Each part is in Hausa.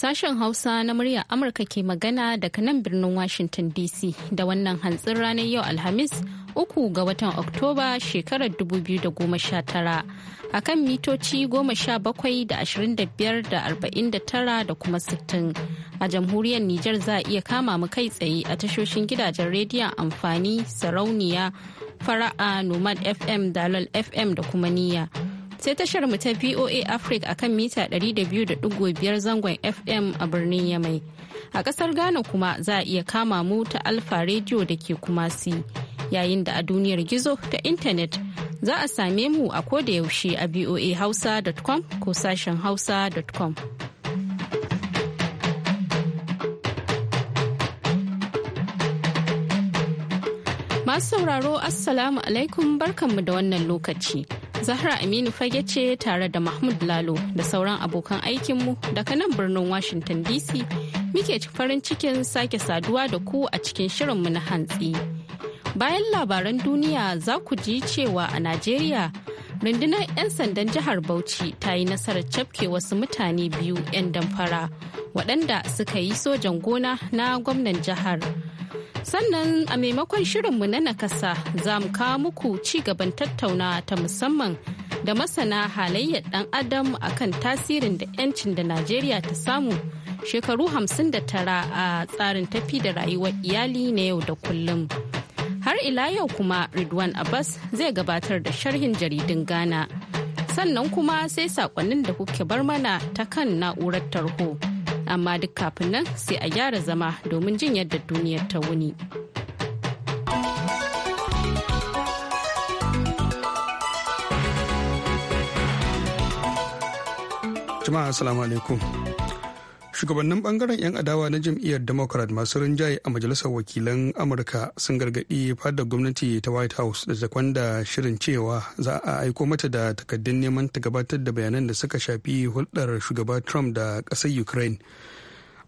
Sashen Hausa na muryar Amurka ke magana daga nan birnin Washington DC da wannan hantsin ranar yau Alhamis uku ga watan Oktoba shekarar 2019 a kan mitoci 17 da 25 da 49 da kuma 60. A jamhuriyar Nijar za a iya kama mu kai tsaye a tashoshin gidajen rediyon amfani sarauniya fara'a Nomad FM, Dalal FM da kuma niyya. sai tashar mu ta VOA Africa akan mita 200.5 zangon FM a birnin Yamai. A kasar Ghana kuma za a iya kama mu ta Alfa Radio da ke Kumasi. Yayin da a duniyar gizo ta intanet za a same mu a kodayaushe yaushe a voahausa.com ko sashen hausa.com. Masu sauraro Assalamu alaikum barkanmu da wannan lokaci. Zahra Aminu fage ce tare da Mahmud Lalo da sauran abokan aikinmu daga nan birnin Washington DC muke farin cikin sake saduwa da ku a cikin shirinmu na hantsi. Bayan labaran duniya za ku ji cewa a Najeriya rundunar 'yan sandan jihar Bauchi ta yi nasarar cafke wasu mutane biyu 'yan damfara waɗanda suka yi sojan gona na gwamnan jihar. sannan a maimakon shirinmu na nakasa za mu kawo muku ci gaban tattauna ta musamman da masana halayyar ɗan adam akan tasirin da 'yancin da najeriya ta samu shekaru hamsin da tara a tsarin tafi da rayuwar iyali na yau da kullum har ila yau kuma ridwan abbas zai gabatar da sharhin jaridun ghana sannan kuma sai sakonnin da kuke bar mana ta kan na'urar tarho. amma duk kafin nan sai a gyara zama domin jin yadda duniyar ta wuni. Jama'a Assalamu alaikum. shugabannin bangaren 'yan adawa na jam'iyyar democrat masu rinjaye a majalisar wakilan amurka sun gargadi fadar gwamnati ta white house da takwanda shirin cewa za a aiko mata da takaddun neman ta gabatar da bayanan da suka shafi hulɗar shugaba trump da ƙasar ukraine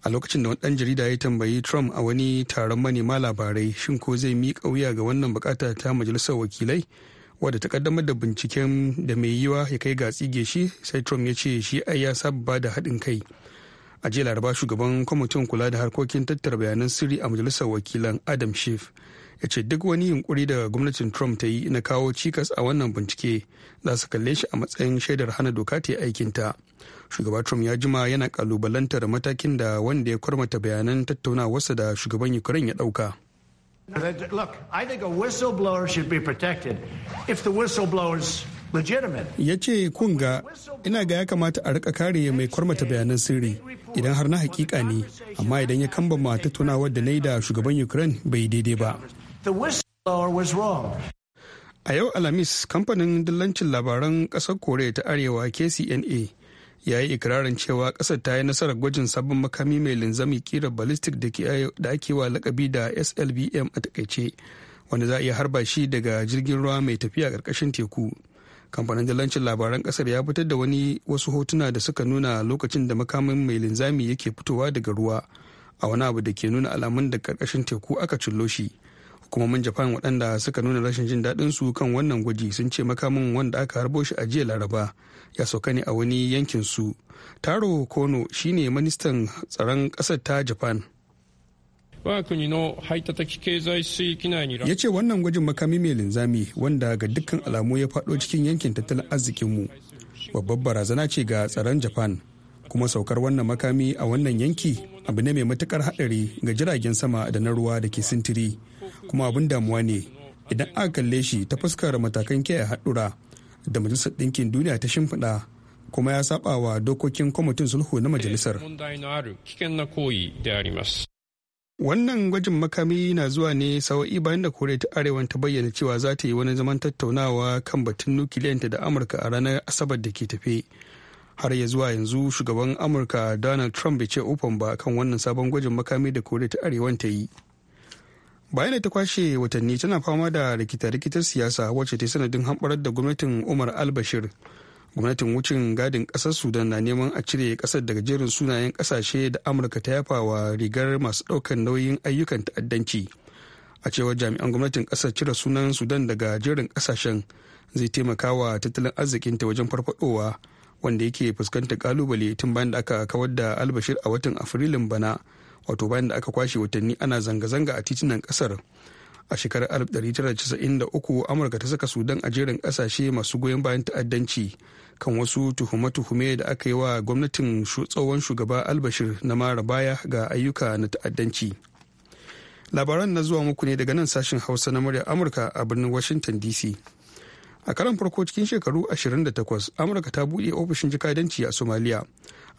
a lokacin da wani jarida ya tambayi trump a wani taron manema labarai shin ko zai miƙa wuya ga wannan bukata ta majalisar wakilai wadda ta kaddamar da binciken da mai yiwa ya kai ga tsige shi sai trump ya ce shi ai ya saba da haɗin kai a jiya laraba shugaban kwamitin kula da harkokin tattara bayanan sirri a majalisar wakilan adam schiff ya ce duk wani yunkuri da gwamnatin trump ta yi na kawo cikas a wannan bincike za su kalle shi a matsayin shaidar hana doka ta yi aikinta shugaba trump ya jima yana kalubalantar matakin da wanda ya kwarmata bayanan tattaunawarsa da shugaban ukraine ya dauka Look, I think a whistleblower should be protected if the whistleblowers ya ce kunga ina ga ya kamata a rika kare mai kwarmata bayanan sirri idan har na hakika ne amma idan ya kambama tattaunawar da na yi da shugaban ukraine bai daidai ba a yau alhamis kamfanin dillancin labaran kasar korea ta arewa kcna ya yi ikirarin cewa kasar ta yi nasarar gwajin sabon makami mai linzami kira ballistic da ake wa lakabi da slbm a takaice wanda za a iya harba shi daga jirgin ruwa mai tafiya karkashin teku kamfanin dalancin labaran kasar ya fitar da wani wasu hotuna da suka nuna lokacin da makamin mai linzami yake fitowa daga ruwa a wani abu da ke nuna alamun da karkashin teku aka cullo shi hukumomin japan waɗanda suka nuna rashin jin daɗin su kan wannan gwaji sun ce makamin wanda aka harbo shi a jiya laraba ya sauka ne a wani yankin su taro kono shine ministan tsaron ƙasar ta japan ya ce wannan gwajin makami mai linzami wanda ga dukkan alamu ya faɗo cikin yankin tattalin arzikinmu babbar barazana ce ga tsaron japan kuma saukar wannan makami a wannan yanki abu ne mai matukar haɗari ga jiragen sama da na ruwa da ke sintiri kuma abin damuwa ne idan aka kalle shi ta fuskar matakan kiyaye haɗura da majalisar ɗinkin duniya ta shimfiɗa kuma ya saba wa dokokin kwamitin sulhu na majalisar wannan gwajin makami na zuwa ne sawa'i bayan da koriya ta arewa ta bayyana cewa za ta yi wani zaman tattaunawa kan batun nukiliyanta da amurka a ranar asabar da ke tafe har ya zuwa yanzu shugaban amurka donald trump bai ce ofan ba kan wannan sabon gwajin makami da koriya ta arewa ta yi bayan da ta kwashe watanni tana fama da rikita-rikitar siyasa wacce ta yi sanadin hamɓarar da gwamnatin umar albashir gwamnatin wucin gadin kasar sudan na neman a cire kasar daga jerin sunayen kasashe da amurka ta yafa wa rigar masu daukan nauyin ayyukan ta'addanci a cewar jami'an gwamnatin kasar cire sunan sudan daga jerin kasashen zai taimaka wa tattalin arzikinta wajen farfadowa wanda yake fuskantar kalubale tun bayan da aka kawar da albashir a watan afrilun bana wato bayan da aka kwashe watanni ana zanga-zanga a titunan kasar a shekarar 1993 amurka ta saka sudan a jerin kasashe masu goyon bayan ta'addanci kan wasu tuhume-tuhume da aka yi wa gwamnatin tsohon shugaba albashir na mara baya ga ayyuka na ta'addanci labaran na zuwa muku ne daga nan sashen hausa na murya amurka a birnin washington dc a karan farko cikin shekaru 28 amurka ta buɗe ofishin jikadanci a somaliya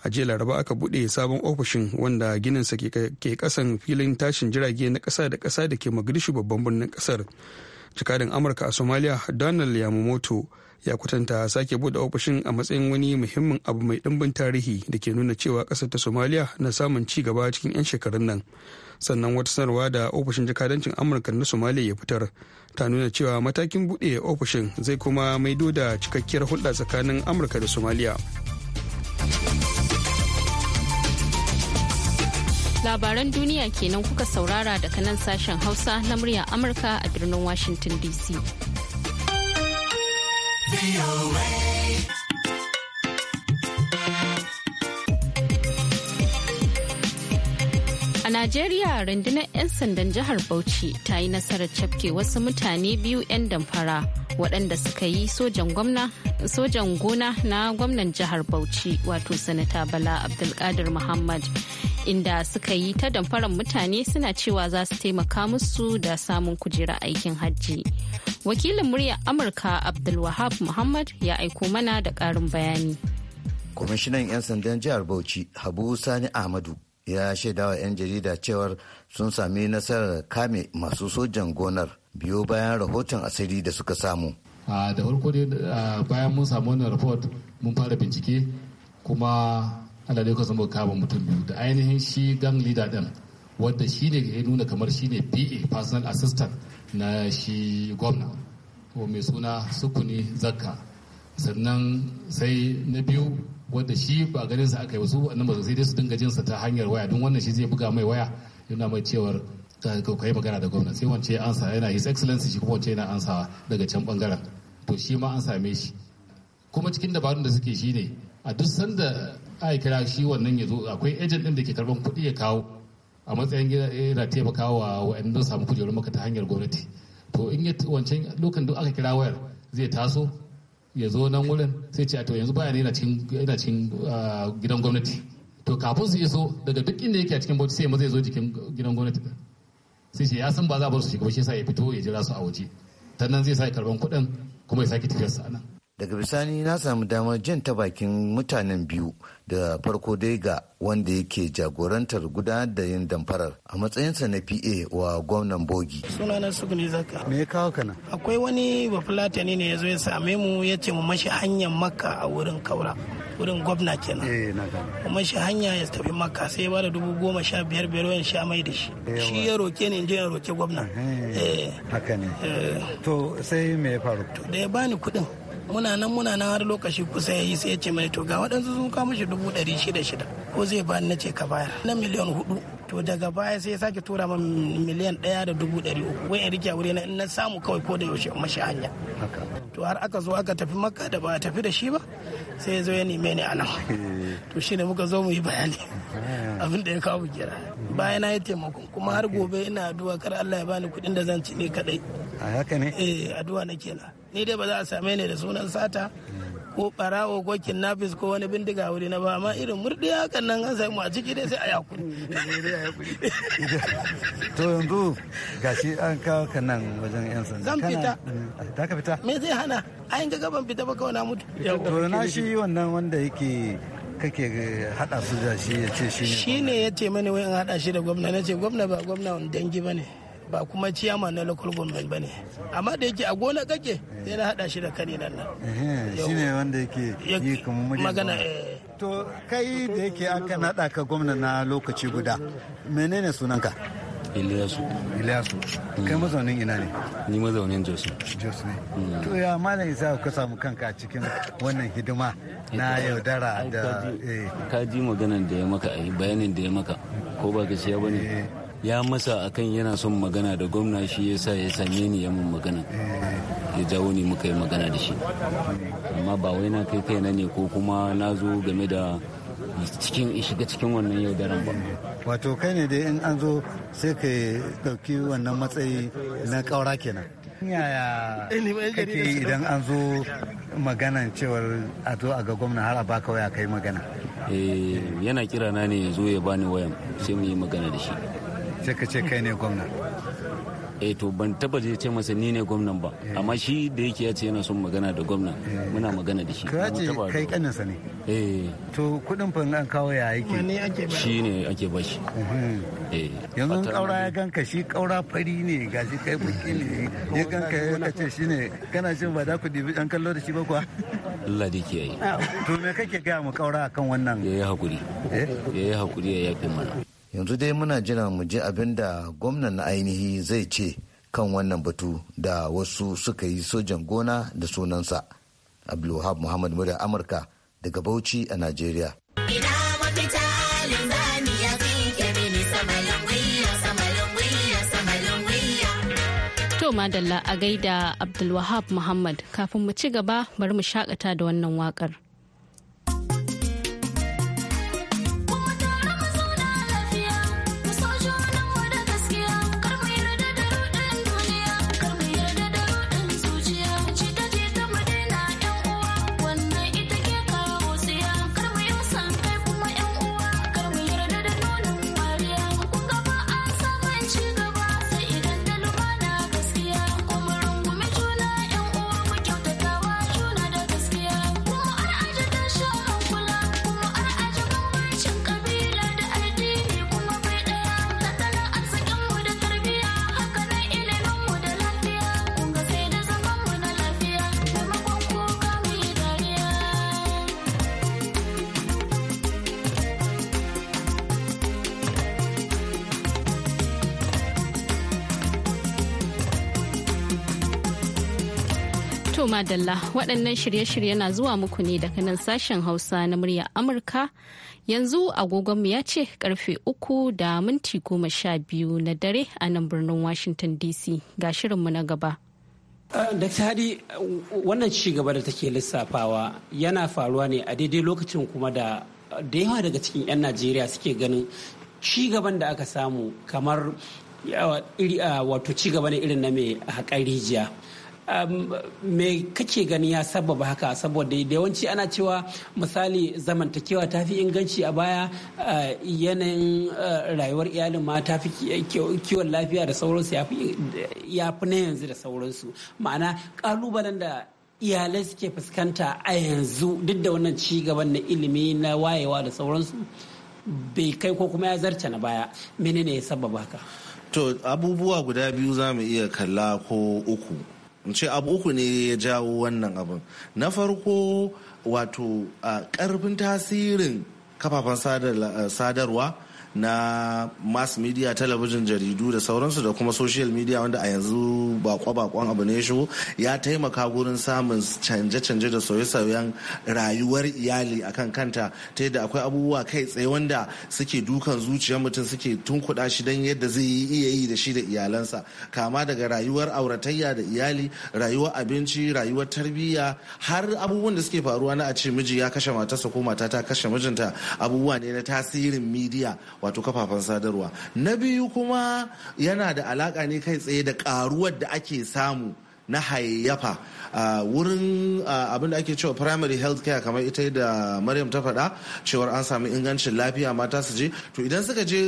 a jiya laraba aka buɗe sabon ofishin wanda gininsa ke kasan filin tashin jirage na ƙasa da ƙasa da ke magarishi babban birnin ƙasar jikadin amurka a somaliya donald yamamoto ya kwatanta sake bude ofishin a matsayin wani muhimmin abu mai dimbin tarihi da ke nuna cewa kasar ta somaliya na samun ci gaba cikin 'yan shekarun nan sannan wata sanarwa da ofishin jakadancin amurka na somaliya ya fitar ta nuna cewa matakin bude ofishin zai kuma maido da cikakkiyar hulɗa tsakanin amurka da somaliya labaran duniya kenan kuka saurara daga nan sashen hausa na murya amurka a birnin washington dc A Najeriya rundunar 'yan sandan jihar Bauchi ta yi nasarar cafke wasu mutane biyu 'yan damfara waɗanda suka yi sojan gona na gwamnan jihar Bauchi wato sanata Bala Abdulkadir Muhammad inda suka yi ta damfaran mutane suna cewa za su taimaka musu da samun kujera aikin hajji. wakilin muryar amurka abdulwahab muhammad ya aiko mana da karin bayani kwamishinan 'yan sandan jihar bauchi habu sani ahmadu ya shaidawa 'yan jarida cewar sun sami nasarar kame masu sojan gonar biyo bayan rahoton asiri da suka samu da farko dai bayan mun samu wannan rahoton mun fara bincike kuma allah dai kusa kama mutum biyu da ainihin shi gang leader din wanda shi ne ya nuna kamar shi ne pa personal assistant na shi gwamna ko mai suna sukuni zakka sannan sai na biyu wanda shi ba ganin sa aka yi wasu wannan ba sai dai su dinga jinsa ta hanyar waya don wannan shi zai buga mai waya yana mai cewar ka yi magana da gwamna sai wance ansa yana his excellency shi kuma wance yana ansa daga can bangaren to shi ma an same shi kuma cikin dabarun da suke shi ne a duk sanda aka kira shi wannan ya zo akwai agent din da ke karban kuɗi ya kawo a matsayin eh, yana taimaka wa waɗanda samu kujerun maka ta hanyar gwamnati to in yi wancan lokacin duk aka kira wayar zai taso ya zo nan wurin sai ce to yanzu bayan yana cikin ah, gidan gwamnati to kafin su iso daga duk inda yake a cikin bauchi sai maza ya zo jikin gidan gwamnati sai ce ya san ba za a bar su shiga ba shi sa ya fito ya jira su a waje ta nan zai sa karban kuɗin kuma ya sake tafiyarsa a nan daga bisani na samu damar jin ta bakin mutanen biyu da farko dai ga wanda yake jagorantar gudanar da yin damfarar a matsayinsa na pa wa gwamnan bogi sunana suguni zaka me ya kawo kana akwai wani bafulatani ne ya zo ya same mu ya ce mu mashi hanyar makka a wurin kaura wurin gwamna kenan eh, mu mashi hanya ya tafi makka sai ya bada dubu goma sha biyar biyar wayan sha mai da shi shi ya roke ni in je ya roke gwamna eh. haka ne eh. to sai me ya faru to da ya bani kuɗin muna nan muna nan har lokaci kusa ya yi sai ya ce mai to ga waɗansu sun kawo mashi dubu ɗari shida shida ko zai ba na ce ka bayar na miliyan hudu to daga baya sai ya sake tura ma miliyan ɗaya da dubu ɗari uku wai in rike wuri na in na samu kawai ko da yaushe mashi hanya to har aka zo aka tafi makka da ba a tafi da shi ba sai ya zo ya neme ni a to shine muka zo mu yi bayani abin da ya kawo kira bayan na yi taimakon kuma har gobe ina addu'a kar Allah ya bani kuɗin da zan ci ne kadai a haka ne eh addu'a na kenan ni dai ba za a same ni da sunan sata ko barawo ko kinnafis ko wani bindiga wuri na ba amma irin murdi haka nan an samu a ciki dai sai a yakuri to yanzu gashi an kawo ka nan wajen yan sanda zan fita da eh, ka fita me zai hana ayin ga gaban fita ba kawai na mutu to na shi wannan wanda yake kake hada su da shi ya ce shi ne ya ce mani wai in hada shi da gwamna na ce gwamna ba gwamna wani dangi ba ne ba kuma ciyama na local government ba ne amma da yake a gona kake sai na shi da kani nan nan shi ne wanda yake yi kamar magana eh. to kai da yake aka nada ka gwamna na lokaci guda menene sunanka Iliyasu. Iliyasu. Kai mm. mazaunin ina ne? Ni mazaunin Jos Josu. Jos ne. Mm. To ya malam Isa ku samu kanka a cikin wannan hidima na yaudara da eh. Ka ji maganan da ya maka bayanin da ya maka ko ba gaskiya bane. Eh. ya masa akan yana son magana da gwamna shi ya sa ya same ni ya mun magana ya jawo ni muka yi magana da shi amma ba wai na kai kai na ne ko kuma na zo game da cikin shiga cikin wannan yau daren ba wato kai ne dai in an zo sai ka dauki wannan matsayi na ƙaura kenan kake idan an zo maganan cewar a zo a ga gwamna har a baka waya kai magana eh, yana kira na ne ya zo ya bani wayan sai mu yi magana da shi sai ka ce kai ne gwamna E to ban taba je ce masa ni ne gwamnan ba eh. amma shi da yake ya ce yana son magana da gwamna eh. muna magana da shi ka ce kai kanansa ne eh to kudin fa an kawo ya yake shi ne ake ba shi mhm. eh yanzu kaura ya ganka shi kaura fari ne gashi kai buki ne ya ganka ya ce shi ne kana jin ba da ku dibi an kallo da shi ba kuwa Allah da ke yi to me kake ga mu kaura akan wannan yayi hakuri yayi hakuri ya yafe mana yanzu dai muna jira mu ji abin da gwamnan na ainihi zai ce kan wannan batu da wasu suka yi sojan gona da sunansa abdulwahab muhammad murya amurka daga bauchi a najeriya To madalla a gaida Abdulwahab Muhammad kafin mu ci gaba bari mu shakata da wannan wakar. Madalla waɗannan shirye-shirye na zuwa muku ne daga nan sashen Hausa na murya Amurka yanzu agogonmu ya ce karfe uku da minti goma sha biyu na dare a nan birnin Washington DC ga shirinmu na gaba. Ah, Dr. Hadi wannan ci gaba da take lissafawa yana faruwa ne a daidai lokacin kuma da da yawa daga cikin 'yan Najeriya suke ganin ci gaban da aka samu kamar ah, wato ci gaba ne irin na mai haƙar rijiya. me kake gani ya sababa haka saboda yawanci ana cewa misali zamantakewa ta fi inganci a baya eh, yanayin eh, rayuwar iyalin ma ta fi eh, kiwon lafiya da sauransu ya fi na yanzu da sauransu ma'ana kalubalen da iyalai suke fuskanta a yanzu duk da wannan ci gaban na ilimi na wayewa da sauransu bai kai ko kuma ya zarce na baya menene ya sababa haka to abubuwa guda biyu za mu iya kalla ko uku ce abu uku ne ya jawo wannan abin na farko wato karfin tasirin kafafen sadarwa na mass media talabijin jaridu da sauransu da kuma social media wanda a yanzu bakwa bakon abu ne shigo ya taimaka gurin samun canje-canje da sauye-sauyen rayuwar iyali akan kanta ta yadda akwai abubuwa kai tsaye wanda suke dukan zuciyar mutum suke tun tunkuɗa shi don yadda zai yi iya yi da shi da iyalansa kama daga rayuwar auratayya da iyali rayuwar abinci rayuwar tarbiyya har abubuwan da suke faruwa na a ce miji ya kashe matarsa ko mata ta kashe mijinta abubuwa ne na tasirin midiya wato kafafen sadarwa na biyu kuma yana da alaka ne kai tsaye da karuwar da ake samu na hayayyafa a wurin abin da ake cewa primary health care kamar ita da maryam ta faɗa cewar an sami ingancin lafiya mata su je to idan suka je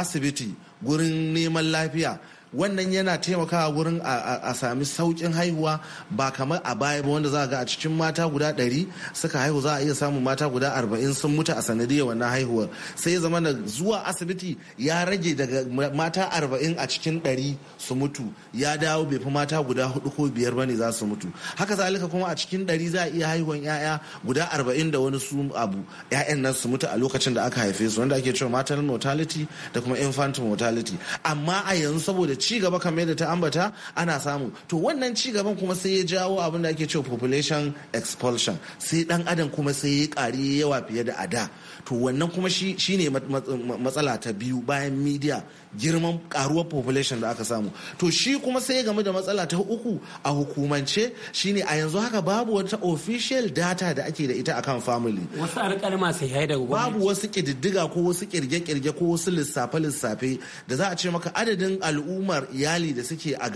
asibiti gurin neman lafiya wannan yana taimakawa wurin a sami saukin haihuwa ba kamar a baya ba wanda za ga a cikin mata guda ɗari suka haihu za a iya samun mata guda arba'in sun mutu a sanadiyar wannan haihuwar sai ya zama zuwa asibiti ya rage daga mata arba'in a cikin ɗari su mutu ya dawo bai fi mata guda hudu ko biyar bane za su mutu haka zalika kuma a cikin ɗari za a iya haihuwar 'ya'ya guda arba'in da wani su abu 'ya'yan nan su mutu a lokacin da aka haife su wanda ake cewa maternal mortality da kuma infant mortality amma a yanzu saboda ci gaba kamar yadda ta ambata ana samu to wannan ci gaban kuma sai ya jawo abin da ake cewa population expulsion sai dan adam kuma sai ya kari yawa fiye da ada to wannan kuma shi ne matsala ta biyu bayan media girman karuwar population da aka samu to shi kuma sai game da matsala ta uku a hukumance shine a yanzu haka babu wata official data da ake da ita akan family wasu alƙalma sai haida babu wasu ƙididdiga ko wasu kirge-kirge ko wasu lissafe-lissafe da za a ce maka adadin al'ummar iyali da suke a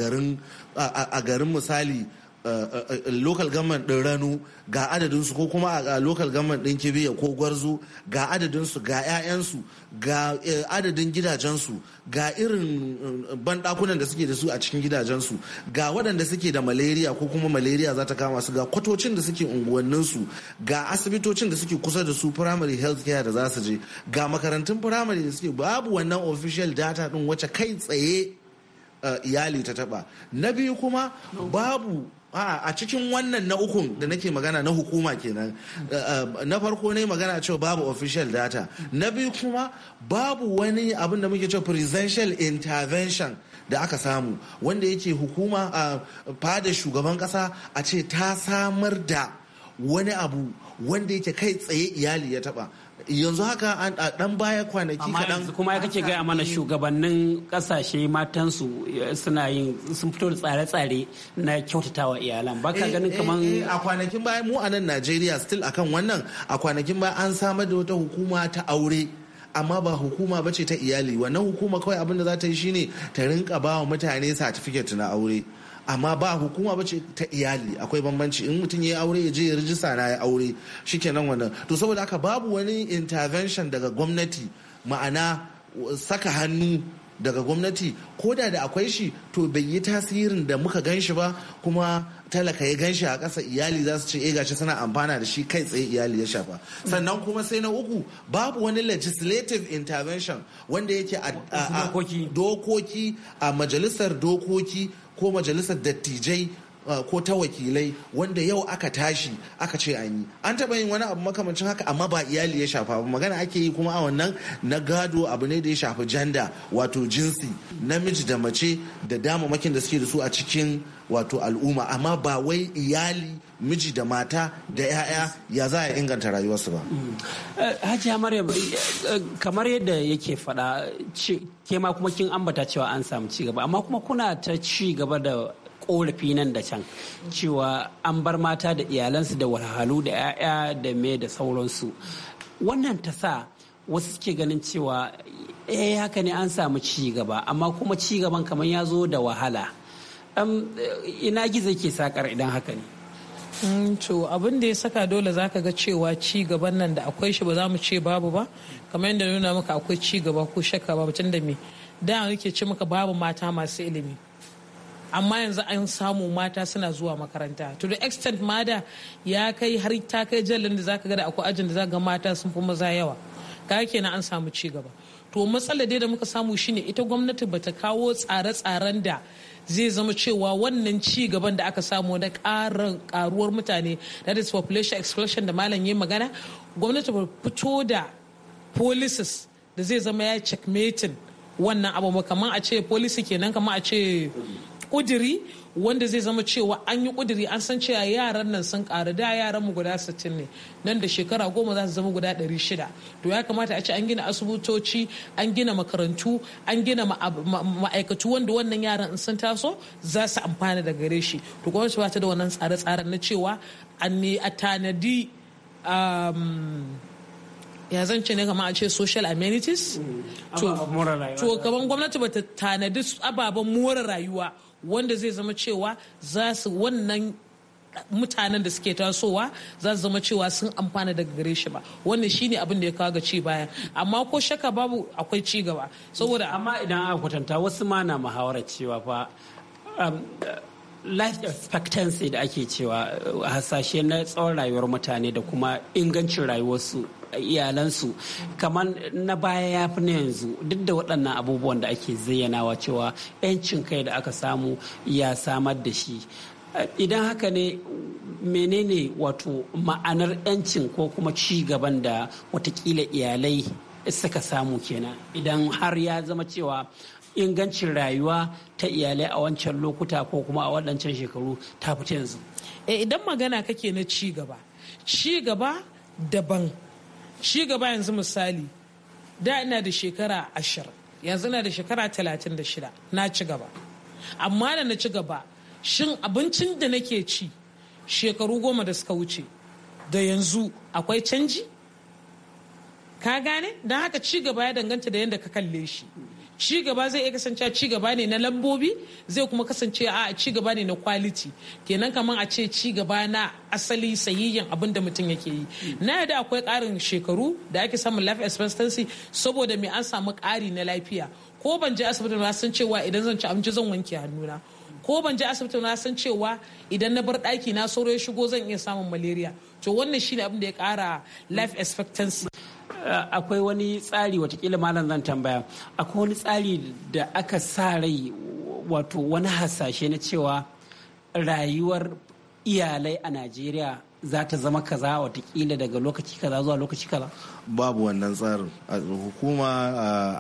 garin misali Eh, eh, local government ɗin ranu ga adadinsu ko kuma a local government din kibiya ko gwarzo ga adadinsu ga 'ya'yansu ga eh, adadin gidajensu ga irin banɗakunan da suke da su a cikin gidajensu ga waɗanda suke da malaria ko kuma malaria za ta kama su ga kwatocin da suke unguwanninsu ga asibitocin da suke kusa da su primary health care da za su je ga makarantun primary da suke babu wannan official data ɗin wacce kai tsaye iyali ta taba na biyu kuma babu a cikin wannan na ukun da nake magana na hukuma kenan eh, eh, na farko ne magana cewa babu official data na biyu kuma babu wani abin da muke cewa presidential intervention da aka samu wanda yake hukuma a fada shugaban kasa a ce ta samar da wani abu wanda yake kai tsaye iyali ya taba yanzu haka a dan baya kwanaki kaɗan kuma ya kake gaya mana eh. shugabannin kasashe matansu eh, suna yin sun fito da tsare-tsare na kyautatawa iyalan baka eh, ganin kaman a kwanakin baya mu a nan Najeriya still akan wannan a kwanakin baya an samar da wata hukuma ta aure amma ba hukuma ba ce ta iyali wannan hukuma kawai abin da za ta yi shine ta rinka bawa mutane satifiket na aure amma ba hukuma bace ta iyali akwai bambanci in mutum ya aure ya je ya rijista na ya aure shikenan wannan to saboda haka babu wani intervention daga gwamnati ma'ana saka hannu daga gwamnati ko da da akwai shi to bai yi tasirin da muka gan shi ba kuma talaka ya gan shi a ƙasa iyali za su ce eh gashi suna amfana da shi kai tsaye iyali ya shafa sannan kuma sai na uku babu wani legislative intervention wanda yake a dokoki a majalisar dokoki ko majalisar dattijai Uh, ko ta wakilai wanda yau aka tashi aka ce an yi an taba yin wani abu makamancin haka amma ba iyali ya shafa ba magana ake yi kuma a wannan na gado abu ne da ya shafi janda wato jinsi namiji da mace da damamakin da suke da su a cikin wato al'umma amma ba wai iyali miji da mata da 'ya'ya ya za a inganta rayuwarsu ba. Mm. Eh, Hajiya Maryam eh, kamar yadda yake faɗa ke ma kuma kin ambata cewa an samu ci gaba amma kuma kuna ta ci gaba da korafi nan da can cewa an bar mata da iyalansu da wahalhalu da 'ya'ya da me da sauransu wannan ta sa wasu suke ganin cewa eh haka ne an samu ci gaba amma kuma ci gaban kamar ya zo da wahala eh, ina gizo ke sakar idan haka ne mm, to abin da ya saka dole zaka ga cewa ci gaban nan da akwai shi ba za mu ce babu ba kamar yadda nuna maka akwai ci gaba ko shakka ba mutum da me da yake ce maka babu mata masu ilimi amma yanzu an samu mata suna zuwa makaranta to the extent ma ya kai har ta kai jallin da zaka ga da akwai ajin da zaka ga mata sun fi maza yawa ka kenan an samu ci gaba to matsalar dai da muka samu shine ita gwamnati bata kawo tsare-tsaren da zai zama cewa wannan ci gaban da aka samu na karin karuwar mutane that is population explosion da malam yayin magana gwamnati ba fito da policies da zai zama ya checkmating wannan abu kamar a ce policy kenan kamar a ce kudiri wanda zai zama cewa an yi kudiri an san cewa yaran nan sun ƙaru da yaran mu guda 60 ne nan da shekara goma za su zama guda 600 to ya kamata a ce an gina asibitoci an gina makarantu an gina ma'aikatu wanda wannan yaran in sun taso za su amfana da gare shi to gwamnati ba ta da wannan tsare-tsaren na cewa an ne a tanadi um, ya zan ce ne kama a ce social amenities mm. to kaman gwamnati ba ta tanadi ababen more rayuwa wanda zai zama cewa za su wannan mutanen da suke tasowa za su zama cewa sun amfana daga gare shi ba wannan shine abin da ya kawo ga ci baya amma ko shaka babu akwai ci gaba saboda amma idan aka kwatanta wasu ma na muhawarar cewa fa um, life expectancy da ake cewa uh, hasashe na tsawon rayuwar mutane da kuma ingancin rayuwarsu iyalansu kamar na baya ya fi na yanzu duk da waɗannan abubuwan da ake zayyanawa cewa 'yancin kai da aka samu ya samar da shi idan haka ne menene wato ma'anar 'yancin ko kuma ci gaban da watakila iyalai suka samu kenan idan har ya zama cewa ingancin rayuwa ta iyalai a wancan lokuta ko kuma a waɗancan shekaru ta fita yanzu. Eh, idan magana kake na ci gaba ci gaba daban shi gaba yanzu misali da ina da shekara ashirin yanzu na da shekara talatin da shida na ci gaba amma da na ci gaba shin abincin da nake ci shekaru goma da suka wuce da yanzu akwai canji ka gane don haka ci gaba ya danganta da yadda ka kalle shi ci gaba zai iya kasance ci gaba ne na lambobi zai kuma kasance a ci gaba ne na quality kenan kamar a ce ci gaba na asali sayayyen abin da mutum yake yi na yadda akwai karin shekaru da ake samun life expectancy saboda mai an samu kari na lafiya ko ban je asibiti na san cewa idan zan ci abinci zan wanke hannuna ko ban je asibiti na san cewa idan na bar ɗaki na sauro ya shigo zan iya samun malaria to wannan shine abin da ya kara life expectancy Eh, akwai wani tsari watakila malam zan tambaya akwai wani tsari da aka sa rai wato wani hasashe na cewa rayuwar iyalai a najeriya za ta zama kaza watakila daga lokaci kaza zuwa lokaci kaza babu wannan tsarin hukuma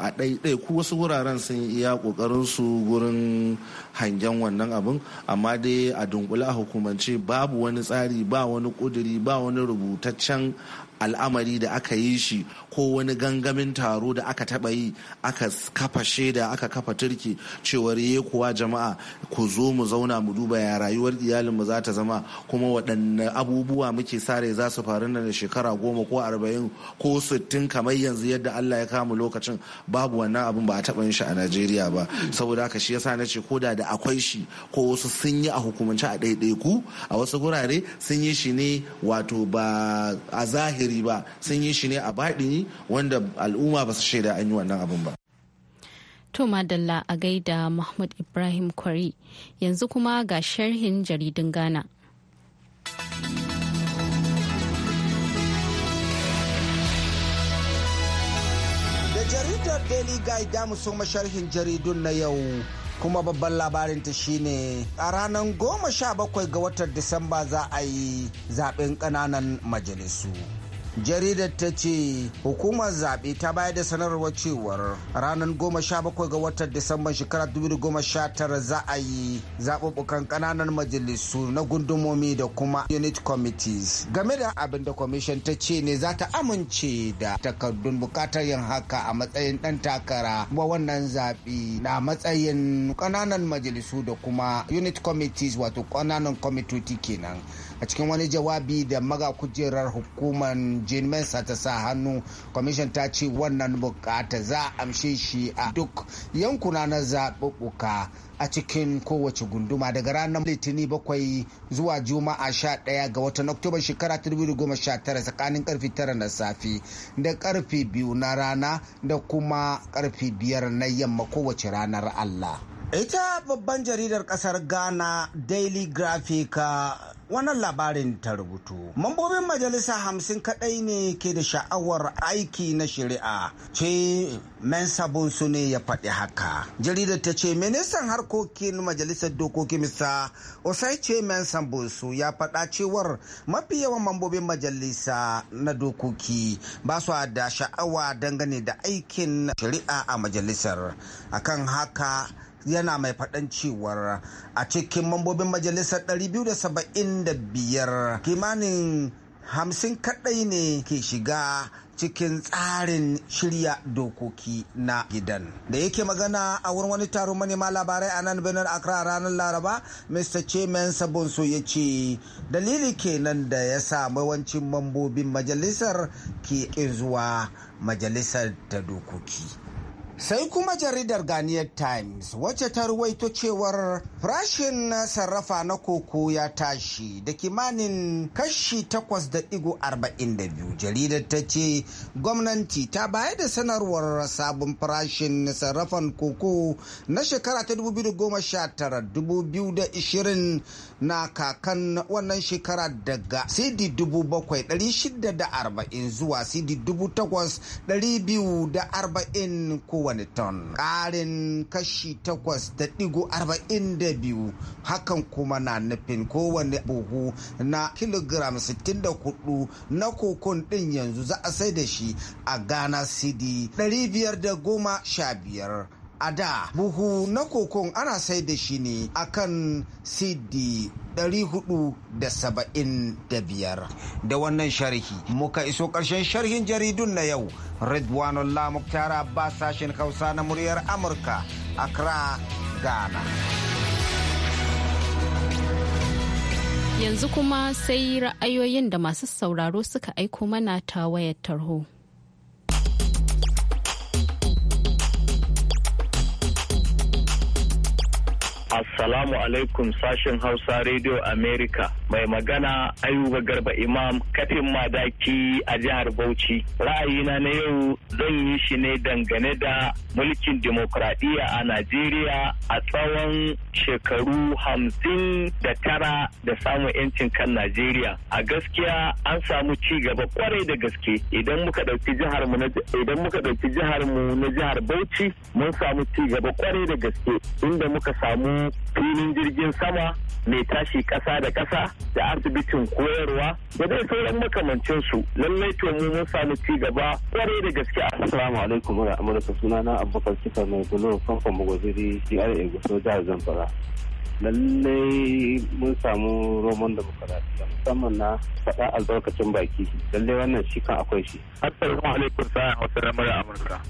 a ɗaiɗai ku wasu wuraren sun iya ƙoƙarin su gurin hangen wannan abin amma dai a dunkule a hukumance babu wani tsari ba wani ƙuduri ba wani rubutaccen al'amari da aka yi shi ko wani gangamin taro da aka taba yi aka kafa shaida aka kafa turki cewar ye kuwa jama'a ku zo mu zauna mu duba ya rayuwar iyalinmu za ta zama kuma waɗanne abubuwa muke sare za su faru nan shekara goma ko arba'in ko sittin kamar yanzu yadda allah ya kama lokacin babu wannan abin ba a taba yin shi a najeriya ba saboda haka shi yasa na ce ko da da akwai shi ko wasu sun yi a hukumance a ɗaiɗaiku a wasu gurare sun yi shi ne wato ba a zahiri zahiri ba sun yi shi ne a baɗi wanda al'umma ba su shaida an yi wannan abin ba To Madalla a gaida Mahmud Ibrahim Kwari yanzu kuma ga sharhin jaridun Ghana. Da jaridar Daily Guide damu so sharhin jaridun na yau. kuma babban labarinta shine a ranar goma sha bakwai ga watan disamba za a yi zaben ƙananan majalisu jaridar ta ce hukumar zaɓe ta bayar da sanarwar cewar ranar 17 ga watan disamban shekara 2019 za a yi zaɓuɓɓukan ƙananan majalisu na gundumomi da kuma unit committees game da abin da kwamishin ta ce ne za ta amince da takardun buƙatar yin haka a matsayin ɗan takara wa wannan zaɓe na matsayin ƙananan majalisu da kuma unit committees wato ƙananan kwamitoci kenan a cikin wani jawabi da maga kujerar hukumar jane mensa ta sa hannu kwamishin ta ce wannan bukata za a amshe shi a duk yankuna na zaɓuɓɓuka a cikin kowace gunduma daga ranar litini bakwai zuwa juma'a sha ɗaya ga watan oktoba shekara 2019 tsakanin karfe tara na safe da karfe biyu na rana da kuma karfe biyar na yamma kowace ranar allah ita babban jaridar kasar ghana daily graphic wannan labarin ta rubutu. Mambobin majalisa hamsin kadai ne ke da sha'awar aiki na shari'a ce Mensa su ne ya faɗi haka. Jaridar ta ce ministan harkokin majalisar dokoki misa Osai ce Mensa Bonsu ya faɗa cewar mafi yawan mambobin majalisa na dokoki ba su da sha'awa dangane da aikin shari'a a majalisar. Akan haka yana mai faɗan cewar a cikin mambobin majalisar 275 kimanin hamsin kaɗai ne ke shiga cikin tsarin shirya dokoki na gidan da yake magana a wurin wani taron manema labarai a nan birnin accra ranar laraba mr chairman sabonso ya ce dalili kenan da ya samu yawancin mambobin majalisar ke ƙin zuwa majalisar da dokoki Sai kuma jaridar Ghanaian Times wacce ta ruwaito cewar farashin sarrafa na koko ya tashi da kimanin kashi 8.42. Jaridar ta ce gwamnati ta bayar da sanarwar sabon farashin sarrafan koko na shekara ta 2019-2020 na kakan wannan shekara daga CD 7,640 zuwa CD 8,240 kowa. kowane ton ƙarin kashi takwas da digo arba'in da biyu hakan kuma na nufin kowane buhu na kilogram sittin da hudu na kokon ɗin yanzu za a sai da shi a ghana city ɗari biyar da goma sha biyar a da buhu na kokon ana sai da shi ne akan cd 475 da wannan sharhi muka iso karshen sharhin jaridun na yau ridwanullah muktar ba sashen hausa na muryar amurka a accra ghana yanzu kuma sai ra'ayoyin da masu sauraro suka aiko mana ta wayar tarho. Assalamu alaikum sashen Hausa Radio America mai magana Ayuba Garba Imam kafin madaki a jihar Bauchi. Ra'ayina na yau zan yi shi ne dangane da mulkin demokradiyya a Najeriya a tsawon shekaru hamsin da tara da samun 'yancin kan Najeriya. A gaskiya an samu ci gaba kwarai da gaske idan muka ɗauki jihar mu idan muka ɗauki jihar mu na jihar Bauchi mun samu ci gaba kwarai da gaske inda muka samu filin jirgin sama mai tashi ƙasa da ƙasa da asibitin koyarwa da dai sauran makamancinsu. lallai to mu mun samu ci gaba kwarai da gaske assalamu alaikum wa amurka sunana abubakar kifa mai bulo famfon magwaziri jihar egusi jihar zamfara lallai mun samu roman da demokaratiya musamman na faɗa albarkacin baki lallai wannan shi kan akwai shi assalamu alaikum sa'a hausa na murya amurka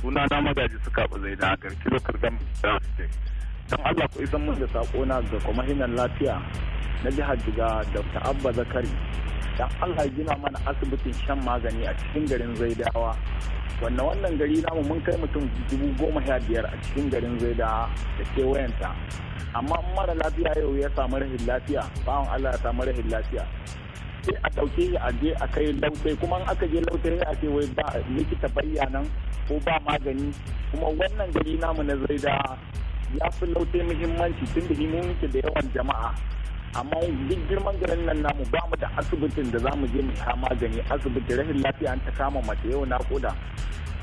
suna na magaji suka bazai na garki lokar gama da don allah ku isan mun da na ga kwamishinan lafiya na jihar jiga dr abba zakari don allah gina mana asibitin shan magani a cikin garin zaidawa wannan wannan gari namu mun kai mutum dubu goma sha biyar a cikin garin zaidawa da kewayenta amma mara lafiya yau ya samu rahin lafiya bawan allah ya samu rahin lafiya sai a ɗauke shi a je a kai lautai kuma in aka je lautai a ce wai ba likita bayyana ko ba magani kuma wannan gari namu na zaida ya fi laute muhimmanci tun da da yawan jama'a amma duk girman garin nan namu ba mu da asibitin da za mu je mu sha magani asibiti rashin lafiya an ta kama mace yau na koda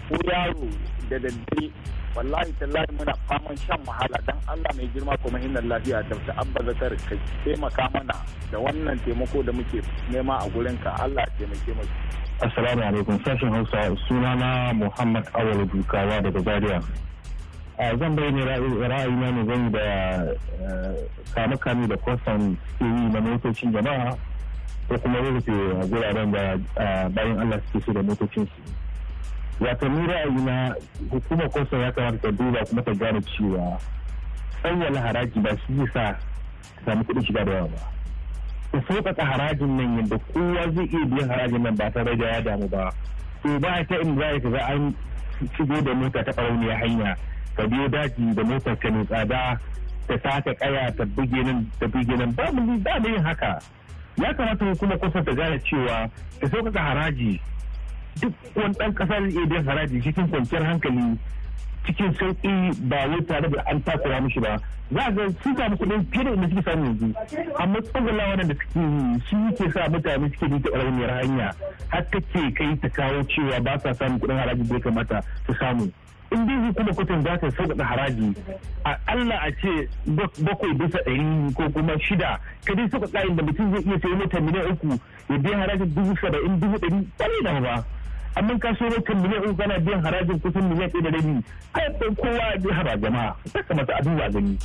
ko yaro da daddare wallahi tallahi muna faman shan wahala dan Allah mai girma ko mahimmin lafiya da ta abba zakar ka taimaka mana da wannan taimako da muke nema a gurin ka Allah taimake mu assalamu alaikum sashen Hausa sunana Muhammad Awal Dukawa daga Zaria A eh, zan bayyana ra'ayina ne gani da kama eh, kame da kwastan yi na motocin jama'a ko kuma rufe guraren da eh, bayan allah suke su da motocin su wato ni ra'ayina hukumar kwastan ya kamata ta duba kuma ta gane cewa sanyala haraji ba shi yasa samu kuɗin shiga da yawa ba ta sauƙaƙa harajin nan yadda kowa zai iya biyan harajin nan ba tare da ya damu ba to ba ta inda za ka ga an shigo da mota ta ƙarauniya hanya ka biyo daji da motar ka mai tsada ta taka kaya ta buge nan ta buge nan ba mu ba mu yin haka ya kamata kuma kusa ta gane cewa ta ka haraji duk wani ɗan ƙasar idan haraji cikin kwanciyar hankali cikin sauƙi ba wai tare da an takura mishi ba za a ga sun samu kuɗin fiye da inda suke samu yanzu amma tsagalawa da suke yi shi yake sa mutane suke bi ta hanya har take kai ta kawo cewa ba sa samun kuɗin haraji da ya kamata su samu in dai hukumar kotun za ta sauƙaƙa haraji a Allah a ce bakwai bisa ɗari ko kuma shida ka dai sauƙaƙa da mutum zai iya sayo mota miliyan uku ya biya harajin dubu saba'in dubu ɗari ɗari da ba amma ka so mota miliyan uku kana biyan harajin kusan miliyan ɗaya da rabi kai kowa ya biya ba jama'a ta kamata a duba gani.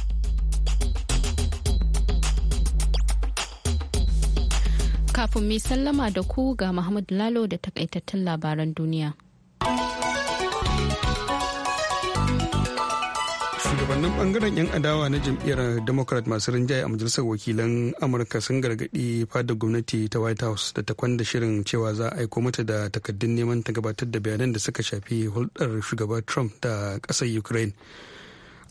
Kafin mai sallama da ku ga Muhammadu Lalo da takaitattun labaran duniya. shugabannin bangaren 'yan adawa na jam'iyyar democrat masu rinjaye a majalisar wakilan amurka sun gargaɗi fadar gwamnati ta white house da ta kwanda shirin cewa za a aiko mata da takaddun neman ta gabatar da bayanan da suka shafi hulɗar shugaba trump da ƙasar ukraine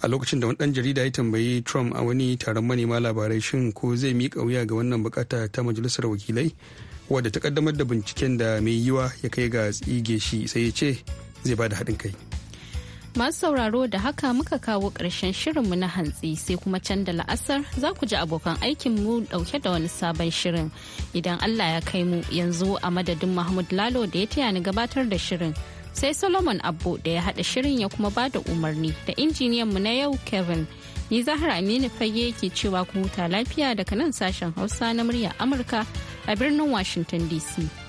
a lokacin da wani ɗan jarida ya tambayi trump a wani taron manema labarai shin ko zai miƙa wuya ga wannan bukata ta majalisar wakilai wadda ta kaddamar da binciken da mai yiwa ya kai ga tsige shi sai ya ce zai ba da haɗin kai Masu sauraro da haka muka kawo ƙarshen shirinmu na hantsi sai kuma can da la'asar za ku ji abokan aikinmu ɗauke da wani sabon shirin. Idan Allah ya kai mu yanzu a madadin Mahmud Lalo da ya taya ni gabatar da shirin. Sai Solomon abu da ya haɗa shirin ya kuma ba da umarni da injiniyan mu na yau Kevin. Ni Zahra Aminu Fage ke cewa ku huta lafiya daga nan sashen Hausa na murya Amurka a birnin Washington DC.